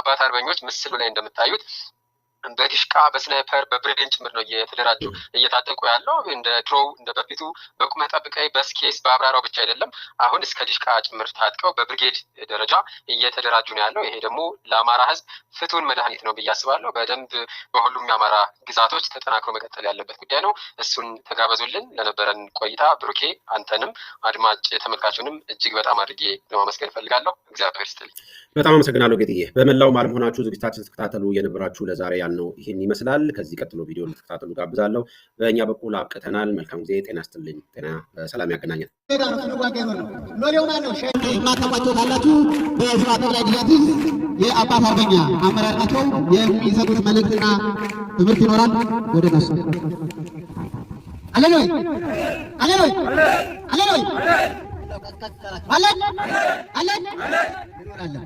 አባት አርበኞች ምስሉ ላይ እንደምታዩት በዲሽቃ በስናይፐር በብሬን ጭምር ነው እየተደራጁ እየታጠቁ ያለው። እንደ ድሮ እንደ በፊቱ በቁመ ጠብቀይ በስኬስ በአብራራው ብቻ አይደለም። አሁን እስከ ዲሽቃ ጭምር ታጥቀው በብርጌድ ደረጃ እየተደራጁ ነው ያለው። ይሄ ደግሞ ለአማራ ህዝብ ፍቱን መድኃኒት ነው ብዬ አስባለሁ። በደንብ በሁሉም የአማራ ግዛቶች ተጠናክሮ መቀጠል ያለበት ጉዳይ ነው። እሱን ተጋበዙልን። ለነበረን ቆይታ ብሩኬ፣ አንተንም አድማጭ ተመልካቹንም እጅግ በጣም አድርጌ ለማመስገን እፈልጋለሁ። እግዚአብሔር ስትል በጣም አመሰግናለሁ ጌጥዬ። በመላው ዓለም ሆናችሁ ዝግጅታችን ተከታተሉ የነበራችሁ ለዛሬ ነው ይህን ይመስላል። ከዚህ ቀጥሎ ቪዲዮ እንድትከታተሉ ጋብዛለሁ። በእኛ በኩል አብቅተናል። መልካም ጊዜ። ጤና ስትልኝ ጤና በሰላም ያገናኘት ማታቋቸው ካላችሁ ግዛት የአባት አርበኛ አመራር ናቸው። የሚሰጡት መልእክትና ትምህርት ይኖራል። ወደ ነሱ አለን አለን አለን አለን አለን አለን አለን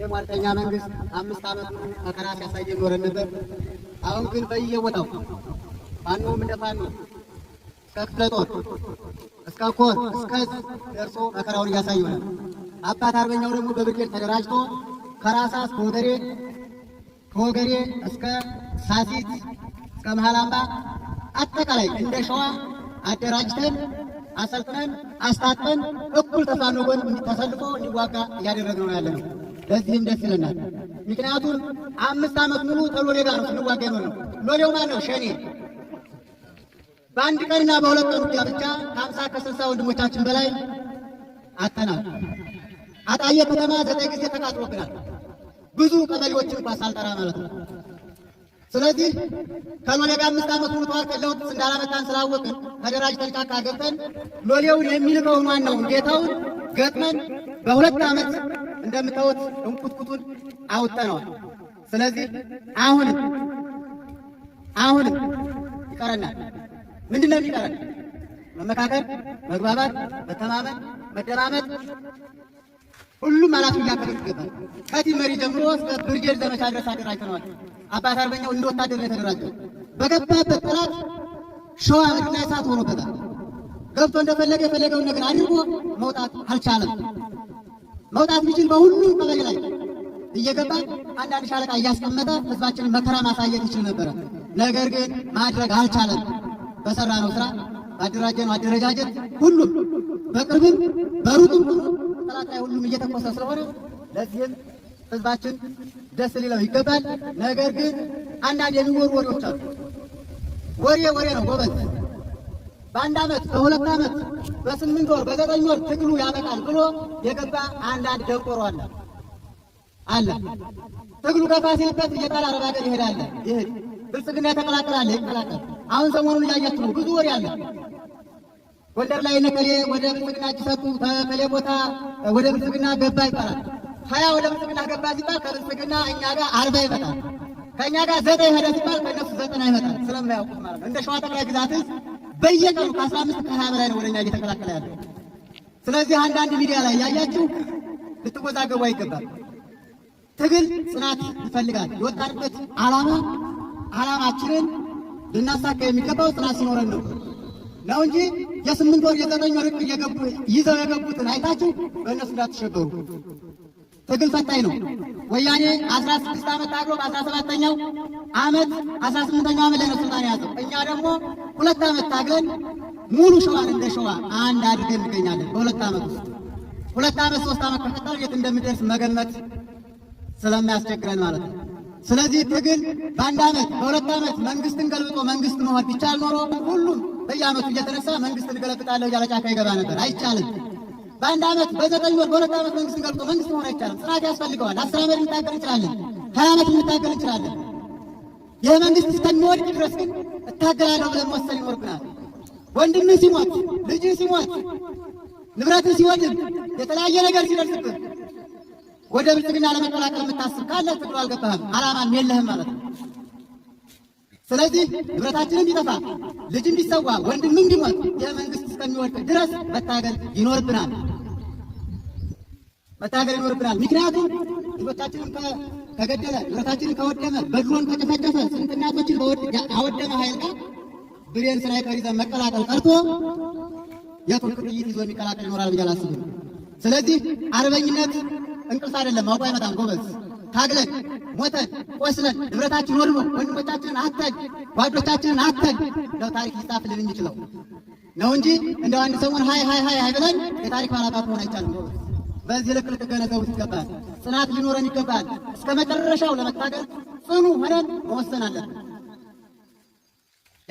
የሟርተኛ መንግስት አምስት ዓመት መከራ ሲያሳይ ኖረ ነበር። አሁን ግን በየቦታው ፋኖም እንደ ፋኖ ከክፍለ ጦር እስከ ኮር እስከ ደርሶ መከራውን እያሳየ ነው። አባት አርበኛው ደግሞ በብርጌድ ተደራጅቶ ከራሳ እስከ ወገሬ ከወገሬ እስከ ሳሲት እስከ መሃል አምባ አጠቃላይ እንደ ሸዋ አደራጅተን አሰልጥነን አስታጥነን እኩል ተፋኖ ጎን እንዲተሰልፎ እንዲዋጋ እያደረግነው ያለ ነው። በዚህም ደስ ይለናል። ምክንያቱም አምስት ዓመት ሙሉ ተሎሌ ጋር ነው ስንዋጋ ነው። ሎሌው ማን ነው? ሸኔ። በአንድ ቀንና በሁለት ቀን ውጊያ ብቻ ከአምሳ ከስልሳ ወንድሞቻችን በላይ አተናል። አጣየ ከተማ ዘጠኝ ጊዜ ተቃጥሎብናል። ብዙ ቀበሌዎች እንኳ ሳልጠራ ማለት ነው። ስለዚህ ከሎሌ ጋር አምስት ዓመት ሙሉ ተዋልቀን ለውጥ እንዳላመጣን ስላወቅን ተደራጅተን ጫካ ገብተን ሎሌውን የሚልከውን ዋናውን ጌታውን ገጥመን በሁለት ዓመት እንደምታዩት እንቁትቁቱን አውጠነዋል። ስለዚህ አሁንም አሁን ይቀረናል። ምንድን ነው ይቀረናል? መመካከር፣ መግባባት፣ መተማመን፣ መደማመጥ ሁሉም አላቱ እያከለች ይገባል። ከዚህ መሪ ጀምሮ እስከ ብርጌድ ዘመቻ ድረስ አደራጅተነዋል። አባት አርበኛው እንደ ወታደር ነው የተደራጀው። በገባበት ጠላት ሸዋ ምድና እሳት ሆኖበታል። ገብቶ እንደፈለገ የፈለገውን ነገር አድርጎ መውጣት አልቻለም። መውጣት ቢችል በሁሉ ቀበሌ ላይ እየገባ አንዳንድ ሻለቃ እያስቀመጠ ህዝባችንን መከራ ማሳየት ይችል ነበረ። ነገር ግን ማድረግ አልቻለም። በሰራ ነው ስራ ባደራጀነው አደረጃጀት ሁሉም በቅርብም በሩጡም ጠላት ላይ ሁሉም እየተኮሰ ስለሆነ ለዚህም ህዝባችን ደስ ሊለው ይገባል። ነገር ግን አንዳንድ የሚወሩ ወሬዎች አሉ። ወሬ ወሬ ነው ጎበዝ በአንድ ዓመት በሁለት ዓመት በስምንት ወር በዘጠኝ ወር ትግሉ ያበቃል ብሎ የገባ አንዳንድ ደንቆሮ አለ አለ። ትግሉ ከፋ ሲልበት እየተቀራረበ ሀገር ይሄዳል። ይሄ ብልጽግና የተቀላቀላለ ይቀላቀል። አሁን ሰሞኑን እያያችሁ ነው። ብዙ ወሬ አለ። ጎንደር ላይ ነከሌ ወደ ብልጽግና እጅ ሰጡ፣ ተከሌ ቦታ ወደ ብልጽግና ገባ ይባላል። ሀያ ወደ ብልጽግና ገባ ሲባል ከብልጽግና እኛ ጋር አርባ ይመጣል። ከእኛ ጋር ዘጠኝ ሄደ ሲባል ከእነሱ ዘጠና ይመጣል። ስለማያውቁት ማለት ነው። እንደ ሸዋ ጠቅላይ ግዛትስ በየቀኑ ከአስራ አምስት ከሀያ በላይ ነው ወደኛ እየተከላከለ ያለው። ስለዚህ አንዳንድ ሚዲያ ላይ ያያችሁ ልትወዛገቡ አይገባል። ትግል ጽናት ይፈልጋል። የወጣንበት ዓላማ ዓላማችንን ልናሳካ የሚገባው ጽናት ሲኖረን ነው ነው እንጂ የስምንት ወር የዘጠኝ ወር እየገቡ ይዘው የገቡትን አይታችሁ በእነሱ እንዳትሸገሩ። ትግል ፈታኝ ነው። ወያኔ 16 ዓመት ታግሎ በ17ኛው ዓመት 18ኛው ዓመት ለነ ስልጣን ያዘው። እኛ ደግሞ ሁለት ዓመት ታግለን ሙሉ ሸዋን እንደ ሸዋ አንድ አድርገን እንገኛለን። በሁለት ዓመት ውስጥ ሁለት ዓመት ሶስት ዓመት ከፈጣን የት እንደምደርስ መገመት ስለማያስቸግረን ማለት ነው። ስለዚህ ትግል በአንድ ዓመት በሁለት ዓመት መንግስትን ገልብጦ መንግስት መሆን ቢቻል ኖሮ ሁሉም በየዓመቱ እየተነሳ መንግስትን እገለብጣለሁ እያለ ጫካ ይገባ ነበር። አይቻልም። በአንድ ዓመት በዘጠኝ ወር በሁለት ዓመት መንግስት ገልጦ መንግስት መሆን አይቻልም። ጽናት ያስፈልገዋል። አስር ዓመት ልንታገል እንችላለን። ሀያ ዓመት ልንታገል እንችላለን። ይህ መንግስት እስከሚወድቅ ድረስ ግን እታገላለሁ ብለን መወሰን ይኖርብናል። ወንድምህ ሲሞት፣ ልጅ ሲሞት፣ ንብረትህ ሲወድም፣ የተለያየ ነገር ሲደርስብህ ወደ ብልጽግና ለመቀላቀል የምታስብ ካለ ትግሉ አልገባህም፣ አላማም የለህም ማለት ነው። ስለዚህ ንብረታችን እንዲጠፋ ልጅ እንዲሰዋ ወንድም እንዲሞት የመንግስት እስከሚወድቅ ድረስ መታገል ይኖርብናል። መታገል ይኖርብናል። ምክንያቱም ህይወታችንን ከገደለ ህይወታችንን ከወደመ በድሮን ከጨፈጨፈ ስንት እናቶችን አወደመ ኃይል ጋር ብሬን ስናይፐር ይዘን መቀላቀል ቀርቶ የቱርክ ጥይት ይዞ የሚቀላቀል ይኖራል ብዬ አላስብም። ስለዚህ አርበኝነት እንቅልፍ አይደለም። አውቆ አይመጣም ጎበዝ። ታግለን ሞተን ቆስለን ንብረታችን ወድሞ ወንድሞቻችንን አተን ጓዶቻችንን አተን ነው ታሪክ ሊጻፍልን የሚችለው ነው እንጂ እንደው አንድ ሰሞን ሀይ ሀይ ሀይ ብለን የታሪክ ባላባት መሆን አይቻልም ጎበዝ። በዚህ ልክ ልክ ገነዘቡት ይገባል። ጽናት ሊኖረን ይገባል። እስከ መጨረሻው ለመታገል ጽኑ ሆነን መወሰን አለን።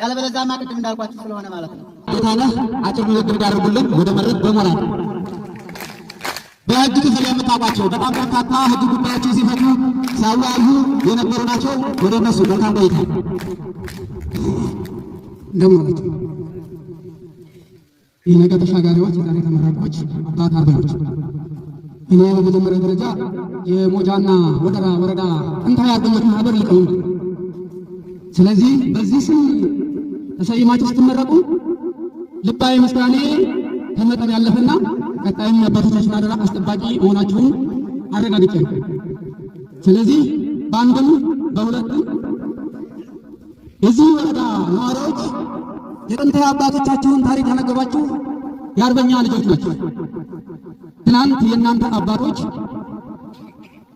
ያለበለዚያማ ቅድም እንዳልኳችሁ ስለሆነ ማለት ነው። ታነህ አጭር ንግግር እንዳደርጉልን ወደ መድረክ በሞላል በህግ ክፍል የምታውቋቸው በጣም በርካታ ህግ ጉዳዮችን ሲፈቱ ሲያወያዩ የነበሩ ናቸው። ወደ እነሱ መልካም ቆይታ እንደማለት የነገ ተሻጋሪዎች፣ ዛሬ ተመራቂዎች፣ አባት አርበኞች እኔ በመጀመሪያ ደረጃ የሞጃና ወደራ ወረዳ ጥንታዊ አርበኞች ማህበር ሊቀውን ስለዚህ በዚህ ስም ተሰይማችሁ ስትመረቁ ልባዊ ምስጋኔ ከመጠን ያለፈና ቀጣይም የአባቶቻችን አደራ አስጠባቂ መሆናችሁን አረጋግጬ ስለዚህ በአንድም በሁለትም የዚህ ወረዳ ነዋሪዎች የጥንታዊ አባቶቻችሁን ታሪክ ያነገባችሁ የአርበኛ ልጆች ናቸው። ትናንት የእናንተ አባቶች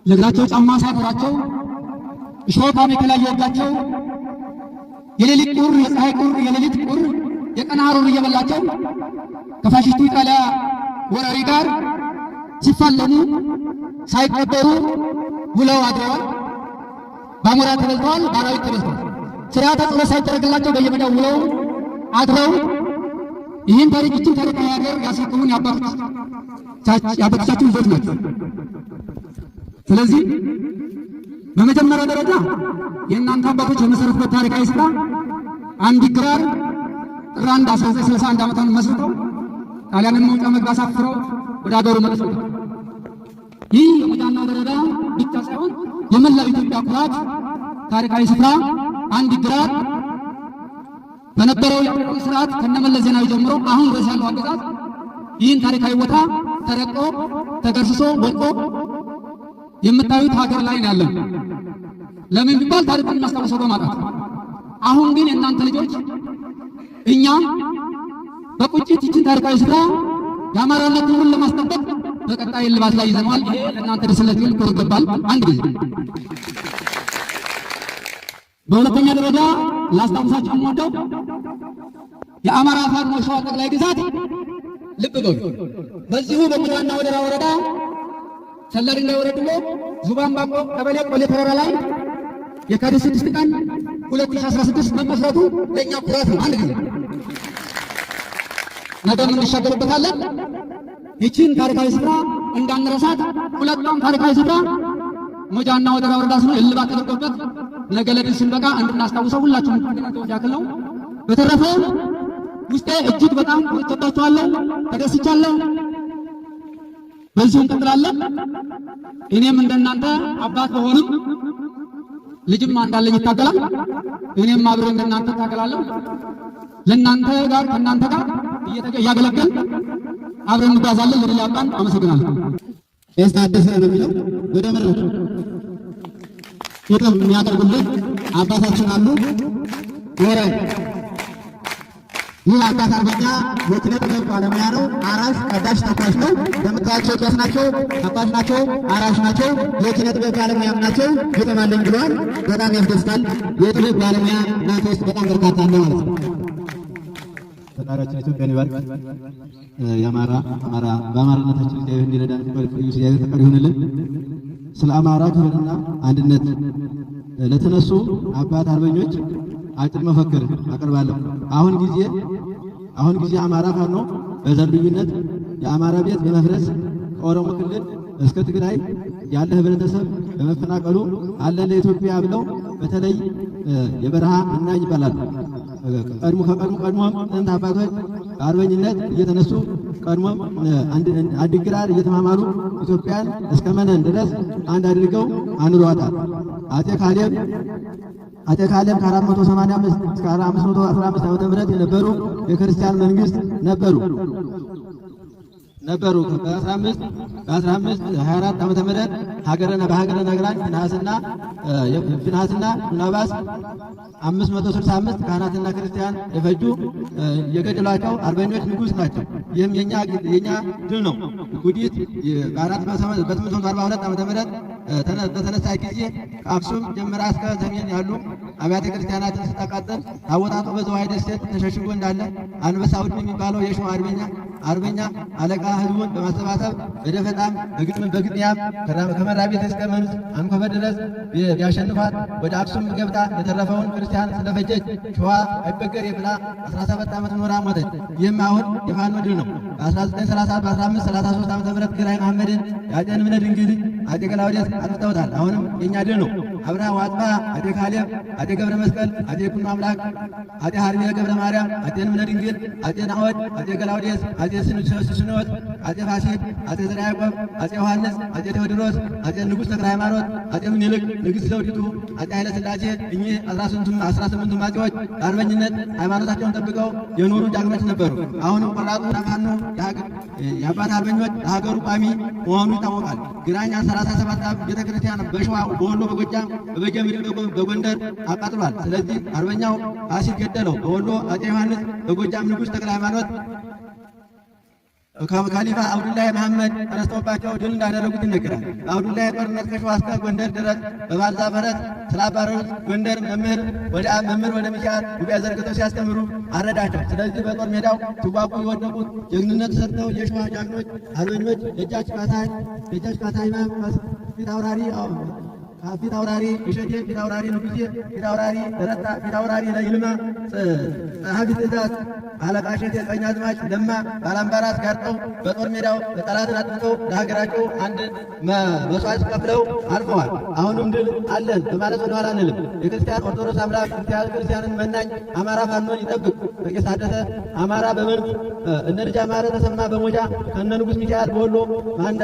ለእግራቸው ጫማ ሳይኖራቸው እሾህ አሜከላ እየወጋቸው የሌሊት ቁር የፀሐይ ቁር የሌሊት ቁር የቀን ሐሩር እየበላቸው ከፋሽስቱ ኢጣሊያ ወራሪ ጋር ሲፋለሙ ሳይቀበሩ ውለው አድረዋል። በአሞራ ተበልተዋል፣ በአራዊት ተበልተዋል። ስርዓተ ጸሎት ሳይደረግላቸው በየመዳው ውለው አድረው ይህን ታሪክ ይችን ታሪክ ሀገር ያሳቀሙን የአባቶቻችን ልጆች ናቸው። ስለዚህ በመጀመሪያ ደረጃ የእናንተ አባቶች የመሰረቱበት ታሪካዊ ስራ አንድ ግራር ጥር አንድ 1961 ዓመታን መስርተው ጣሊያንን መውጫ መግቢያ አሳፍረው ወደ ሀገሩ መጥተው ይህ የሞጃና ወረዳ ብቻ ሳይሆን የመላው ኢትዮጵያ ኩራት ታሪካዊ ስፍራ አንድ ግራር በነበረው የአገዛዝ ስርዓት ከነመለስ ዜናዊ ጀምሮ አሁን ድረስ ያለው አገዛዝ ይህን ታሪካዊ ቦታ ተረቆ ተገርስሶ ወቆ የምታዩት ሀገር ላይ ነው ያለን። ለምን ቢባል ታሪኩን እናስታውሰው በማጣት። አሁን ግን የእናንተ ልጆች እኛ በቁጭት ይችን ታሪካዊ ስራ የአማራነት ክብሩን ለማስጠበቅ በቀጣይ ልባት ላይ ይዘነዋል። ይሄ ለእናንተ ደስለት ግን ይገባል። አንድ ጊዜ በሁለተኛ ደረጃ ላስታውሳችሁ የምወደው የአማራ ፋኖ ሸዋ ጠቅላይ ግዛት ልብ በሉ። በዚሁ በሙታና ወደራ ወረዳ ሰላድና ወረድሞ ዙባን ባቆ ቀበሌ ቆሌ ተራራ ላይ የካቲት 6 ቀን 2016 መመስረቱ ለእኛ ኩራት ነው። አንድ ጊዜ ነገም እንሻገርበታለን። ይቺን ታሪካዊ ስፍራ እንዳንረሳት። ሁለቱም ታሪካዊ ስፍራ ሙጃና ወደራ ወረዳ ስሙ እልባት ተደርጎበት ለገለድን ስንበቃ እንድናስታውሰው ሁላችሁም ያክል ነው። በተረፈ ውስጤ እጅግ በጣም ተጣጣዋለሁ፣ ተደስቻለሁ። በዚሁ እንቀጥላለን። እኔም እንደናንተ አባት በሆንም ልጅም እንዳለኝ ይታገላል። እኔም አብሬ እንደናንተ ታገላለሁ። ለናንተ ጋር ከናንተ ጋር እየተገ እያገለገል አብረን እንጓዛለን። ለሌላ አባን አመሰግናለሁ። ኤስ አዲስ ነው የሚለው ወደ ምድር ግጥም የሚያደርጉልን አባታችን አሉ። ወረ ይህ አባት አርበኛ የኪነ ጥበብ ባለሙያ ነው። አራሽ ቀዳሽ ተኳሽ ነው። በምታያቸው ቄስ ናቸው፣ ተኳሽ ናቸው፣ አራሽ ናቸው፣ የኪነ ጥበብ ባለሙያም ናቸው። ግጥም አለኝ ብለዋል። በጣም ያስደስታል። የጥበብ ባለሙያ እናንተ ውስጥ በጣም በርካታ ነው ማለት ነው። ፈጣሪያችን ኢትዮጵያን ይባርክ። የአማራ አማራ በአማራነታችን እግዚአብሔር እንዲረዳን ፈቃዱ ይሁንልን። ስለ አማራ ክብርና አንድነት ለተነሱ አባት አርበኞች አጭር መፈክር አቀርባለሁ። አሁን ጊዜ አሁን ጊዜ አማራ ፋኖ በዘር ልዩነት የአማራ ቤት በመፍረስ ከኦሮሞ ክልል እስከ ትግራይ ያለ ህብረተሰብ በመፈናቀሉ አለ ለኢትዮጵያ ብለው በተለይ የበረሃ አናኝ ይባላል ቀድሞ ከቀድሞ ቀድሞ ጥንት አባቶች በአርበኝነት እየተነሱ ቀድሞም አዲግራር እየተማማሉ ኢትዮጵያን እስከ መነን ድረስ አንድ አድርገው አኑሯታል። አጤ ካሌብ አጤ ካሌብ ከ485 እስከ 515 ዓ.ም የነበሩ የክርስቲያን መንግስት ነበሩ። ነበሩ። 24 ዓመተ ምህረት ሀገረና በሀገረ ነግራን ፍናስና ፍናስና ዱናባስ 565 ካህናትና ክርስቲያን የፈጁ የገደሏቸው አርበኞች ንጉስ ናቸው። ይህም የኛ ድል ነው። ጉዲት በ 842 ዓመተ ምህረት በተነሳ ጊዜ ከአክሱም ጀምራ እስከ ሰሜን ያሉ አብያተ ክርስቲያናትን ስታቃጠል ታቦታቱ በዘዋይ ደሴት ተሸሽጎ እንዳለ አንበሳ ውድ የሚባለው የሸዋ አርበኛ አርበኛ አለቃ ህዝቡን በማሰባሰብ በደፈጣም በግጥም በግጥያም ከመራቤት እስከ መኑት ድረስ ቢያሸንፏት ወደ አክሱም ገብታ የተረፈውን ክርስቲያን ስለፈጀች ሸዋ አይበገር የብላ 17 ዓመት ኖራ ሞተች። ይህም አሁን የፋኖ ድል ነው። በ1934 በ1533 ዓ ም ግራኝ መሐመድን የአጤን ምነድ እንግዲህ አጤ ቀላውዴስ አጥፍተውታል። አሁንም የእኛ ድል ነው። አብርሃ ዋጥባ አዴ ካሌብ አዴ ገብረ መስቀል አዴ ኩኖ አምላክ አዴ ሀርሜ ገብረ ማርያም አዴ ልምነ ድንግል አዴ ናወድ አዴ ገላውዴስ አዴ ስንወት አዴ ፋሲል አዴ ዘርዓ ያዕቆብ አጤ ዮሐንስ አዴ ቴዎድሮስ አዴ ንጉሥ ተክለ ሃይማኖት አጤ ምኒልክ ንግሥት ዘውዲቱ አጤ ኃይለ ሥላሴ እኚህ አስራ ስምንቱም አጤዎች በአርበኝነት ሃይማኖታቸውን ጠብቀው የኖሩ ዳግመኞች ነበሩ። አሁንም ቆራጡ ፋኖ የአባት አርበኞች ለሀገሩ ቋሚ መሆኑ ይታወቃል። ግራኛ ሰላሳ ሰባት ቤተክርስቲያን በሸዋ በወሎ በጎጃም በበጀብሪሎ በጎንደር አቃጥሏል። ስለዚህ አርበኛው ፋሲል ገደለው። በወሎ አፄ ዮሐንስ፣ በጎጃም ንጉሥ ተክለ ሃይማኖት ከካሊፋ አብዱላህ መሐመድ ተነስተውባቸው ድል እንዳደረጉት ይነገራል። በአብዱላሂ ጦርነት ከሸዋ እስከ ጎንደር ድረስ በባልዛ ፈረስ ስላባረሩት ጎንደር መምህር ወደ መምህር ወደ ሚሻት ጉባኤ ዘርግተው ሲያስተምሩ አረዳቸው። ስለዚህ በጦር ሜዳው ሲዋጉ የወደቁት ጀግንነት ሰርተው የሸዋ ጃግኖች አርበኞች ደጃች ፋታ ደጃች ፊት አውራሪ ፊት አውራሪ እሸቴ፣ ፊት አውራሪ ንጉሴ፣ ፊት አውራሪ ረታ፣ ፊት አውራሪ ለይልማ፣ ጸሐፊ ትእዛዝ አለቃ እሸቴ፣ ቀኛዝማች ለማ ባላምባራስ ጋርጠው በጦር ሜዳው ጠላትን አጥምተው ለሀገራቸው አንድ መስዋዕት ከፍለው አልፈዋል። አሁንም ድል አለን በማለት ወደኋላ አንልም። የክርስቲያን ኦርቶዶክስ አምላክ ክርስቲያንን መናኝ አማራ ፋኖን ይጠብቅ። በቄስ አደሰ አማራ በመልኩ እነ ልጅ አማረ ተሰማ በሞጃ ከነ ንጉሥ ሚካኤል በወሎ ማንዳ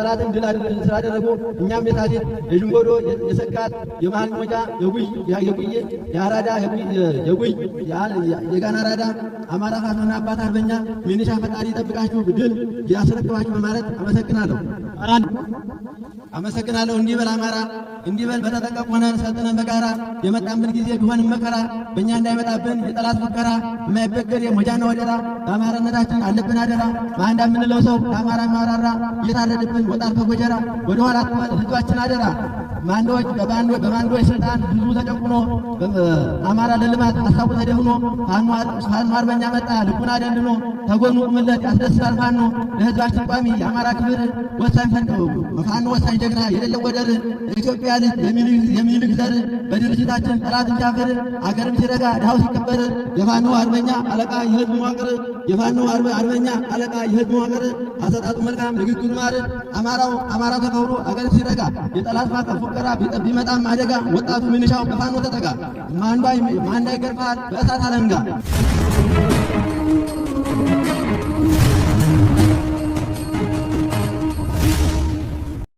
ጠላትን ድል ስላደረጉ እኛም የሳሴት የዥንጎዶ የሰካት፣ የመሃንሞጫ፣ የጉይ የጉዬ፣ የአራዳ፣ የጉይ የጋና አራዳ፣ አማራ ፋኖና አባት አርበኛ ሚኒሻ ፈጣሪ ይጠብቃችሁ ድል ያስረክባችሁ በማለት አመሰግናለሁ። አመሰግናለሁ። እንዲህ በል አማራ እንዲበል በተጠንቀቅ ሆነን ሰልጥነን በጋራ የመጣብን ጊዜ ቢሆንም መከራ በእኛ እንዳይመጣብን የጠላት ሙከራ የማይበገር የሞጃና ወደራ በአማራነታችን አለብን አደራ በአንድ የምንለው ሰው ከአማራ ማራራ እየታረድብን ወጣት ተጎጀራ ወደኋላ ህዝባችን አደራ ማንዶች በማንዶች ስልጣን ብዙ ተጨቁኖ አማራ ለልማት አሳቡ ተደምኖ ፋኖ አርበኛ መጣ ልቡን አደንድኖ ተጎኑ ቁምለት ያስደስታል ፋኖ ለህዝባችን ቋሚ የአማራ ክብር ወሳኝ ፈንድ ፋኖ ወሳኝ ጀግና የሌለ ወደር ኢትዮጵያ ያለ የሚኒልክ ዘር በድርጅታችን ጠላት እንዲያፈር አገርም ሲረጋ ድሃው ሲከበር የፋኖ አርበኛ አለቃ የህዝብ መዋቅር የፋኖ አርበኛ አለቃ የህዝብ መዋቅር አሰጣጡ መልካም ንግግሩ ማር አማራው አማራ ተከብሮ አገር ሲረጋ የጠላት ማቀፍ ፉከራ ቢመጣም አደጋ ወጣቱ ምንሻው በፋኖ ተጠጋ ማንዳ ይገርፋል በእሳት አለንጋ